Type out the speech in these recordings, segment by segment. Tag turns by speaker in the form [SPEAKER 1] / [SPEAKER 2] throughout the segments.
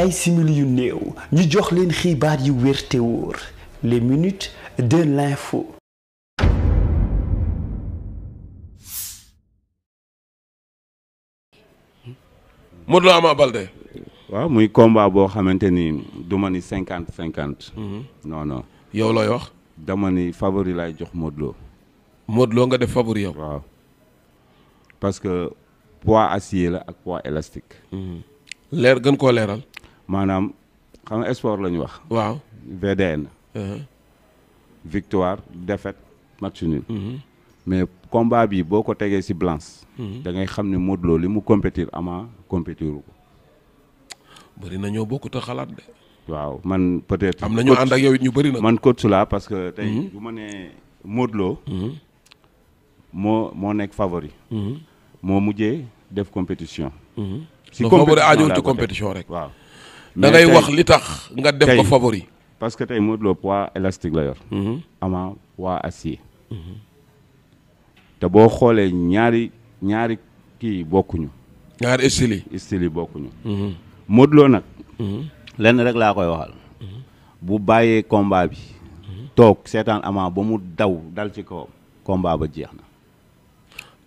[SPEAKER 1] ay simili yu néew ñu jox leen xibaar yu wér te wóor les minutes
[SPEAKER 2] waaw
[SPEAKER 1] muy combat boo xamante ni du ni cinquante cinquante mhm. non non yow looy wax dama ni favori laay jox Modou Lo Modou Lo nga def favori yow waaw parce que poids acier la ak poids élastique mhm. leer gën koo leeral maanaam xam nga sport la wax. waaw VDN. Uh-huh. victoire défaite match nul. Mm-hmm. mais combat bi boo ko tegee ci balance. Mm-hmm. da ngay xam ne Modou li mu compétir ama compétiru ko.
[SPEAKER 2] bëri na ñoo bokkut a xalaat de.
[SPEAKER 1] waaw man peut-être. am na ñu ànd ak yow ñu bëri na. man coach la parce que. tey mm-hmm. bu ma nee Modou moo moo nekk favori. moo mujjee def compétition. ci compétition rek waaw. da ngay wax li tax nga def ko favori. parce que tey Modou Lo poids la yor. Mhm. Ama poids acier. Mhm. te boo xoolee ñaari ñaari kii bokkuñu. ñaari style yi. yi bokkuñu. Mhm. nag. lenn rek laa koy waxal. bu bàyyee combat bi. toog seetaan Ama ba mu daw dal ci kawam. combat ba jeex na.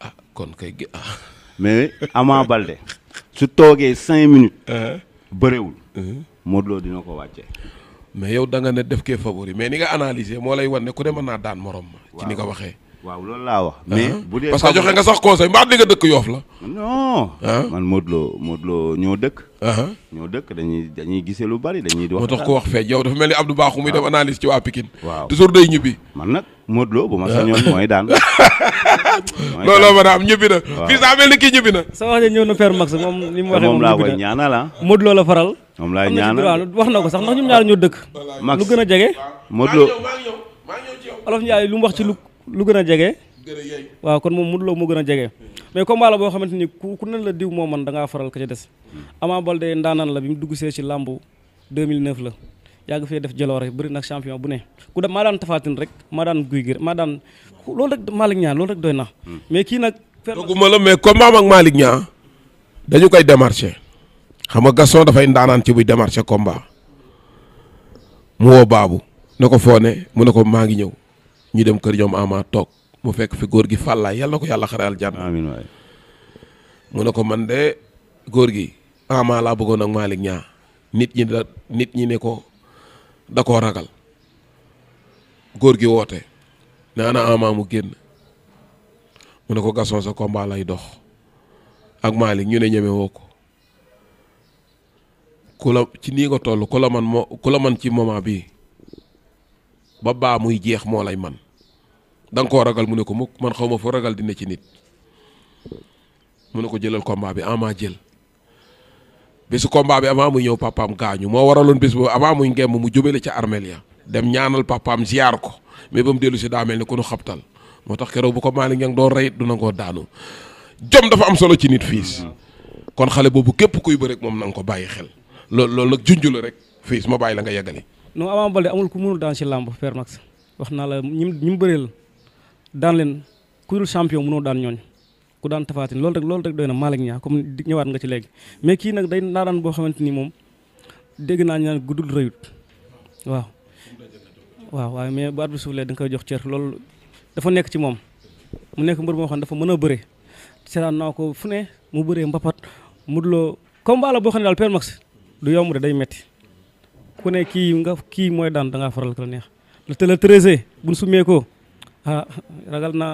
[SPEAKER 1] ah kon kay ah. mais Ama Balde su toogee minutes. Uh-huh. bëreewul. moo mhm. Lo dina ko wàccee.
[SPEAKER 2] mais yow da nga ne def kee favori mais ni nga analyser moo lay wan ne ku ne mën naa daan morom. ci ni nga waxee.
[SPEAKER 1] waaw loolu laa wax. mais bu dee parce que joxe nga sax conseil mbaa di nga dëkk yoof la. man Modou Lo Modou Lo ñoo dëkk. ñoo dëkk dañuy dañuy gisee lu bari dañuy. di wax moo tax ko wax
[SPEAKER 2] fee yow dafa mel ni Abdou Bakhoum muy def analyse ci waa Pikine. waaw toujours
[SPEAKER 1] day ñibbi. man nag Modou Lo bu ma sañoon mooy daan. looloo am ñibbi na. waaw fii saa
[SPEAKER 3] mel ni kii ñibbi na. sa wax de moom li mu waxee moom laa koy ñaanal ah. Modou la faral. moom laay ñaanal wax na ko sax ñu ñun ñaar ñoo dëkk. Max lu gën a jege. Modou Lo olof Ndiaye lu mu wax ci lu lu gën a jege. waaw kon moom Modou Lo moo gën a jege. mais combat la boo xamante ni ku ku la diw moo man da ngaa faral ka ca des. Ama Baldé ndaanaan la bi mu dugg see ci làmbu 2009 la yàgg fee def jaloore bari nag champion bu ne ku dem maa daan tafaatin rek maa daan guy gi maa daan loolu rek Malick Niang loolu rek doy nax mais kii nag. dogguma la mais combat am ak Malick Niang
[SPEAKER 2] dañu koy démarché. xam nga Gaston dafay ndaanaan ci buy démarché combat mu woo Babou na ko foone mu ne ko maa ngi ñëw. ñu dem kër ñoom ama toog mu fekk fi góor gi fàllaay yàlla na ko yàlla xaral jàmm amiin mu ne ko man de góor gi ama laa bëggoon ak Malick ñaa nit ñi nit ñi ne ko da koo ragal góor gi woote ne ana ama mu génn mu ne ko Gaston sa combat dox ak Malick ñu ne ñeme ko kula ci nii nga toll ku man moo ku man ci moment bii ba baa muy jeex moo lay man da nga koo ragal mu ne ko mukk man xaw ma foo ragal dina ci nit mu ne ko jëlal combat bi ama jël bésu combat bi avant muy ñëw papaam gaañu moo waraloon bés boobu avant muy ngemb mu jubale ca armeel ya dem ñaanal papaam ziar ko mais ba mu dellu si daa mel ni ku nu xabtal moo tax keroog bu ko Malick Niang doo rey du nangoo daanu jom dafa am solo ci nit fiis kon xale boobu képp kuy bëre moom nanga ko bàyyi xel loolu loolu nag junj la rek fiis ma bàyyi la nga yeggale.
[SPEAKER 3] non Ama Baldé amul ku mënul daan ci làmb Père Max wax naa la ñi ñi mu bëreel daan leen ku dul champion mënoo daan ñooñ ku daan tafaatin loolu rek loolu rek doy na Malick ñaa comme ñëwaat nga ci léegi mais kii nag day naaraan boo xamante ni moom dégg naa ñu naan guddul rëyut waaw waaw waaye mais bu at bi suuflee da nga koy jox cër loolu dafa nekk ci moom mu nekk mbër moo xam dafa mën a bëre seetaan naa ko fu ne mu bëree mbapat mu duloo combat la boo xam ne daal Père Max du yomb de day metti ku ne kii nga kii mooy daan da ngaa faral ko neex te le treize buñ sumee ko ah ragal naa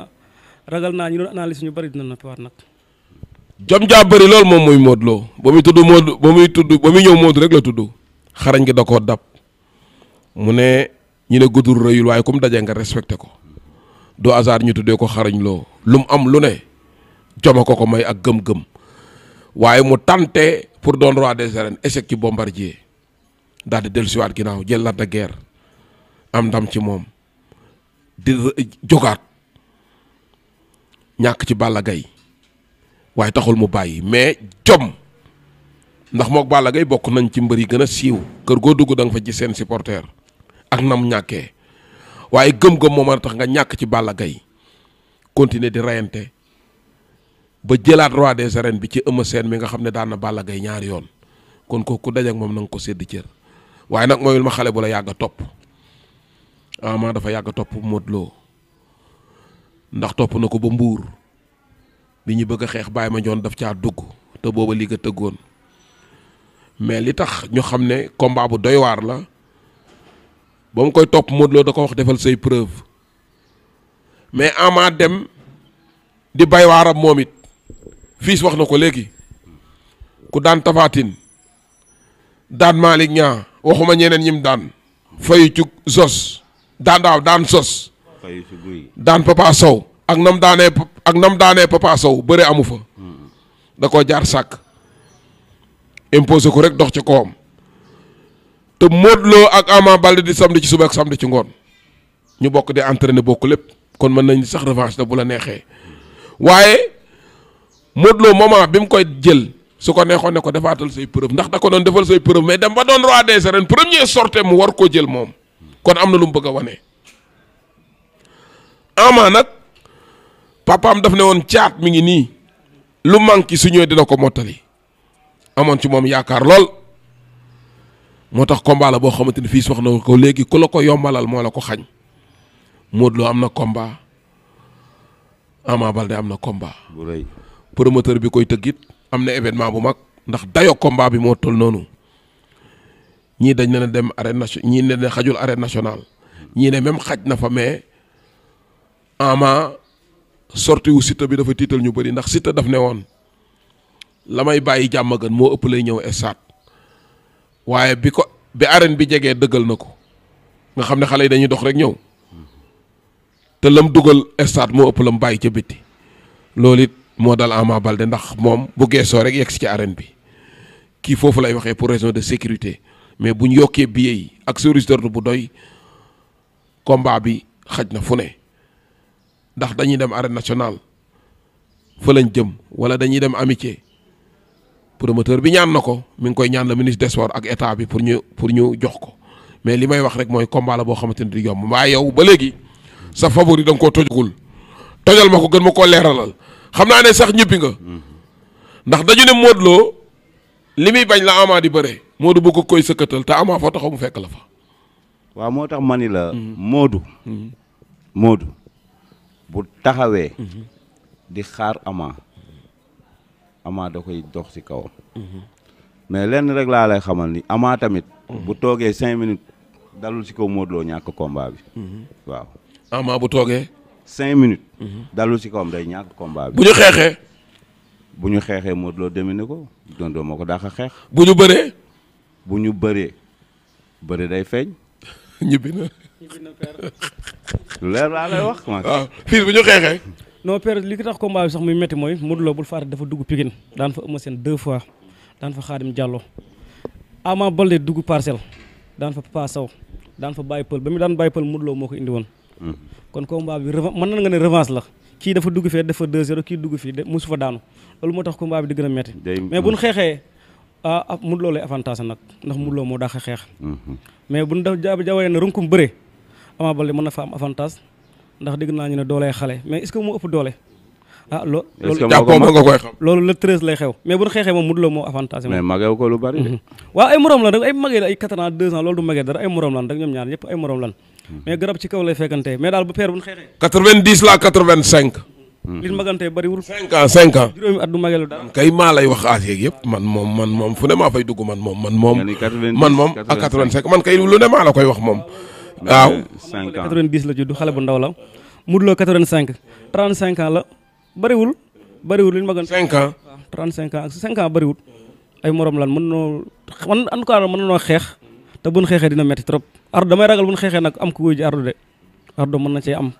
[SPEAKER 3] ragal naa ñu doon analyse ñu bari dina noppiwaat nag. jom jaa bari lool
[SPEAKER 2] moom muy Modou Lo ba muy tudd Modou ba muy tudd ba muy ñëw Modou rek la tudd xarañ gi da koo dab mu ne ñu ne guddul rëyul waaye comme dajee nga respecté ko du hasard ñu tuddee ko xarañ loo lu mu am lu ne joma ko ko may ak gëm-gëm waaye mu tante pour doon roi des arènes échec ci bombardier daal di dellusiwaat ginnaaw jël Lac de Guiers am ndam ci moom di jogaat ñàkk ci Balla gay waaye taxul mu bàyyi mais jom ndax mook Balla gay bokk nañ ci mbër yi gën a siiw kër goo dugg da nga fa ci seen supporter ak nam ñàkkee waaye gëm-gëm moo mën a tax nga ñàkk ci Balla gay continuer di reyante ba jëlaat roi des arènes bi ci Eumeu seen mi nga xam ne daan na Balla gay ñaari yoon kon kooku daje moom na nga ko sédd cër waaye nag mooyul ma xale bu la yàgg a topp Ama dafa yàgg a topp Modou ndax topp na ko ba mbuur bi ñu bëgg a xeex bàyyi ma joon daf caa dugg te booba lii nga tëggoon mais li tax ñu xam ne combat bu doy waar la ba mu koy topp Modou da ko wax defal say preuve mais Ama dem di bay waaram moom it fiis wax na ko léegi ku daan tafaatin daan Malick ñaa waxuma ñeneen ñim daan fayu ci sos daan daaw daan sos
[SPEAKER 1] daan Papa Sow
[SPEAKER 2] ak nam daanee ak daanee Papa Sow bëre amu fa da koo jaar sàkk imposé ko rek dox ci kawam te Modou Lo ak Ama Baldé di samedi ci suba ak ci ngoon ñu bokk di entraîné bokk lépp kon mën nañ sax revanche da bu la neexee waaye Modou Lo moment bi mu koy jël su ko neexoon ne ko defaatal say preuve ndax da ko doon defal say preuve mais dem ba doon roi des arènes premier mu war koo jël moom kon am na lu mu bëgg a wane. Ama nag papaam daf ne woon caat mi ngi nii lu manqué su ñëwee dina ko mottali amoon ci moom yaakaar lool moo tax combat la boo xamante ni fii wax na ko léegi ku la ko yombalal moo la ko xañ Modou Lo am na combat Ama Baldé am na combat. bu bi koy tëggit am na événement bu mag ndax dayo combat bi moo toll noonu ñii dañ ne na dem arène nationale ñii ne na xajul arène nationale ñii ne même xaj na fa mais ama sorti wu Siteu bi dafa tiital ñu bari ndax Siteu daf ne woon la may bàyyi jàmm gën moo ëpp lay ñëw estaat waaye bi ko bi arène bi jegee dëggal na ko nga xam ne xale yi dañuy dox rek ñëw te lam dugal estaat moo ëpp lam bàyyi ca bitti loolu it moo dal Ama Baldé ndax moom bu geesoo rek yegg si ci arène bi kii foofu lay waxee pour raison de sécurité mais bu ñu yokkee billets yi ak service d'ordre bu doy combat bi xaj na fu ne ndax dañuy dem arène nationale fa lañ jëm wala dañuy dem amitié promoteur bi ñaan na ko mu ngi koy ñaan la ministre des sports ak état bi pour ñu pour ñu jox ko mais li may wax rek mooy combat la boo xamante ni du yomb maa yow ba léegi sa favori da nga koo tojagul tojal ma ko gën ma koo leeralal. xam naa ne sax ñëppi nga mm-hmm. ndax dañu ne Modou li muy bañ la Ama di bëre Modou bu ko koy sëkkatal te Ama fa taxaw mu fekk la fa.
[SPEAKER 1] waaw moo tax ma ni la. Mm-hmm. Modou. Mm-hmm. moodu bu taxawee. di xaar Ama Ama da koy dox ci kawam. mais lenn rek laa lay xamal ni Ama tamit. bu toogee cinq minutes dalul si kaw Modou ñàkk combat bi. waaw Ama bu toogee. cinq minutes. dalul ci kawam day ñàkk combat bi. bu ñu xeexee. bu ñu xeexee Modou Lo demee na ko Dondoo moo ko daax a xeex. bu ñu bëree. bu ñu bëree bëri day feeñ.
[SPEAKER 3] ñibbi na.
[SPEAKER 1] leer laa lay wax. waaw fii
[SPEAKER 3] bu ñu xeexee. non père li ko tax combat bi sax muy métti mooy Modou Lo bul faate dafa dugg Pikine daan fa Eumeu Sène deux fois daan fa Khadim Diallo Ama Baldé dugg parcelle daan fa Papa Sow daan fa bàyyi pël ba mu daan bàyyi pël Modou Lo moo ko indi woon kon combat bi revanche mën na nga ne revanche la kii dafa dugg fee dafa 2-0 kii dugg fii mosu fa daanu loolu moo tax combat bi di gën a metti mais buñ xeexee ah, ah Modou Lo lay avantage nag ndax Modou Lo moo daax a xeex mm-hmm. mais buñ def jaawale ne runkum bëre Ama Baldé mën na fa am avantage ndax dégg naa ñu ne doolee xale mais est-ce que ëpp doole ah loo loolu jàppoo ma nga koy xam loolu le treize lay xew mais bu ñu xeexee moom Modou Lo moo avantage mais magew ko lu bari de mhm. waaw ay morom lan rek ay magee ay quatre ans deux ans loolu du magee dara ay morom lan rek ñoom ñaar ñëpp ay morom lan mhm. mais garab ci kaw lay fekkante mais daal bu peer bu ñu xeexee
[SPEAKER 2] quatre-vingt-dix la quatre-vingt-cinq
[SPEAKER 3] mhm. li magantee bariwul cinq ans cinq ans juróomi at du magelu dara
[SPEAKER 2] kay maa lay wax aas yeeg yëpp man moom man moom fu ne maa fay dugg man moom man moom man moom ak quatre-vingt-cinq man kay lu ne maa la koy wax moom waaw quatre-vingt-dix
[SPEAKER 3] la judd xale bu ndaw la Modou Lo quatre-vingt-cinq trente-cinq ans la bariwul bariwul li ñu ma gën. 5 ans waaw ay moroom lan mën noo man en tout cas mën noo xeex. te buñ xeexee dina metti trop. ardo damay ragal buñ xeexee nag am ku wuy ji ardo de ardo mën na cee am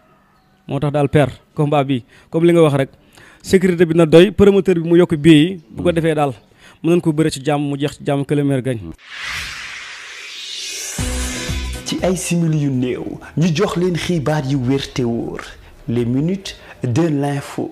[SPEAKER 3] moo tax daal père combat bi comme li nga wax rek sécurité bi na doy promoteur bi mu yokk bii bu ko defee daal mën nañ koo bëre ci jàmm mu jeex ci jàmm këlëmeer gañ
[SPEAKER 1] ci ay simili yu néew ñu jox leen xibaar yu wér te wóor les minutes de l'info